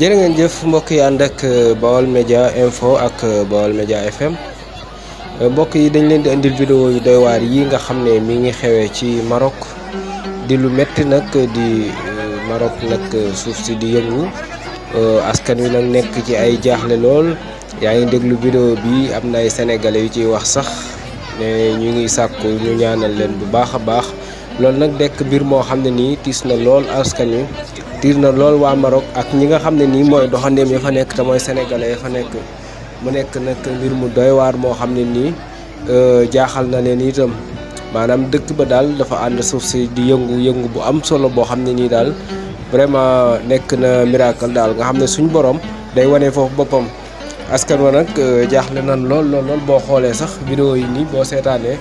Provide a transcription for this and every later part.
jërë ngeen jëf mbokk yi ànd ak euh, Baol Média info ak euh, Baol Média FM euh, mbokk yi dañ leen di indil vidéo yu doy waar yi nga xam ne mi ngi xewee ci Maroc di lu metti nag di Maroc nag suuf si di yëngu askan wi nag nekk ci ay jaaxle lool yaa ngi déglu vidéo bi am na ay sénégalais yu ci wax sax ne ñu ngi sàkku ñu ñaanal leen bu baax a baax. loolu nag dekk mbir moo xam ne nii tiis na lool askan wi tiis na lool waa Maroc ak ñi nga xam ne nii mooy doxandéem ya fa nekk te mooy sénégalais ya fa nekk mu nekk nag mbir mu doy waar moo xam ne nii euh, jaaxal na leen itam maanaam dëkk ba daal dafa ànd suuf si di yëngu yëngu bu am solo boo xam ne nii daal vraiment nekk na miracle daal nga xam ne suñ borom day wane foofu boppam askan wa nag euh, jaaxle nan lool lool lool boo xoolee sax vidéo yi nii boo seetaanee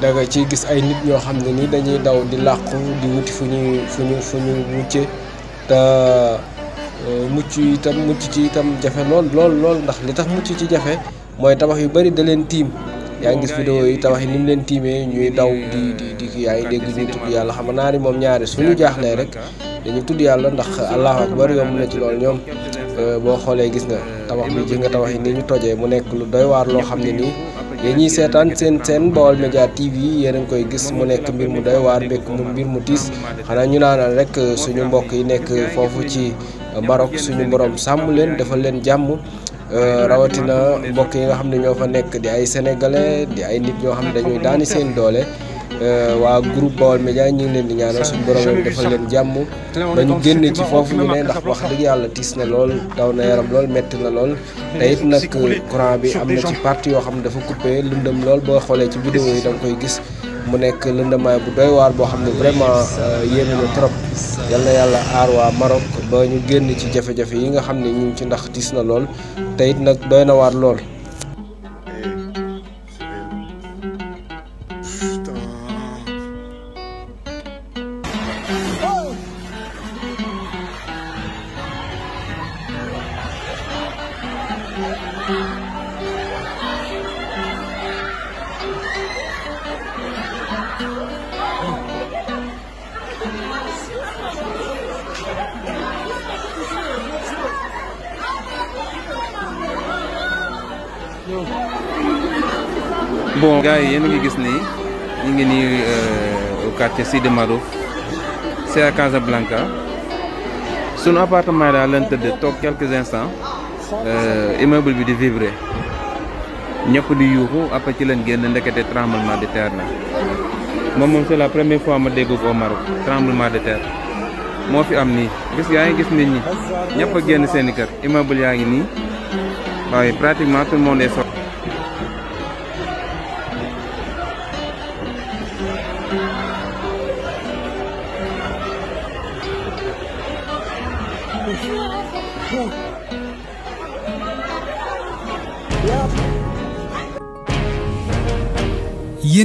da nga ciy gis ay nit ñoo xam ne nii dañuy daw di làqu di wuti fu ñuy fu ñu fu ñu mucce te euh, mucc itam mucc ci itam jafe lool lool lool ndax li tax mucc ci jafe mooy tabax yu bari da leen tiim yaa ngi gis vidéo yi tabax yi ni mu leen tiimee ñuy daw di di di yaa ngi dégg yàlla xam naa ni moom ñaari suñu jaaxlee rek dañu tudd yàlla ndax bari akbar mu na ci lool ñoom euh, boo xoolee gis nga euh, tabax bi gis nga tabax yi ni ñu tojee mu nekk lu doy waar loo xam ne nii yéen ñiy seetaan seen seen Baol Média TV yéen a koy gis mu nekk mbir mu doy waar mbékk mu mbir mu tiis xanaa ñu naanal rek euh, suñu mbokk yi nekk foofu ci Maroc suñu boroom sàmm leen defal leen jàmm euh, rawatina mbokk yi nga xam ne ñoo fa nekk di ay sénégalais di ay nit ñoo xam ne dañuy daani seen doole. Euh, waa groupe Baol Média ñu ngi leen di ñaanal suñu borom defal leen jàmm ba ñu génn ci foofu ñu ne ndax wax dëgg yàlla tiis na lool daw na yaram lool metti na lool te it nag euh, courant bi am na ci partie yoo xam ne dafa coupé lëndëm lool boo xoolee ci vidéo yi da koy gis mu nekk lëndamaay bu doy waar boo xam ne vraiment euh, yéeme na trop yal na yàlla aar waa Maroc ba ñu génn ci jafe-jafe yi nga xam ne ñu ci ndax tiis na lool te it nag doy na waar lool. bon gars yi yéen ngi gis nii ñu ngi nii euh, au quartier Sidi Marouf c'est à Casablanca sunu appartement yi daal lañ tëdd toog quelques instants euh, immeuble bi di vibrer ñëpp di yuuxu après ci lañ génn ndekete tremblement de terre la moom moom la première fois ma dégg ko au Maroc de terre moo fi am nii gis yaa ngi gis nit ñi ñëpp a génn seeni kër immeuble yaa ngi nii waaye pratiquement tout le monde est yéen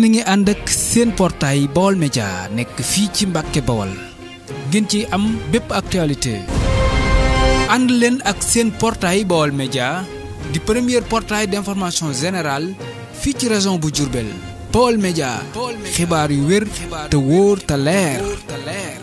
a ngi ànd ak seen portail Baol Média nekk fii ci Mbàkke Baol ngeen ci am bépp actualité ànd leen ak seen portail Baol media di premier portail d'information générale fii ci région bu Diourbel Baol Média xibaar yu wér te wóor te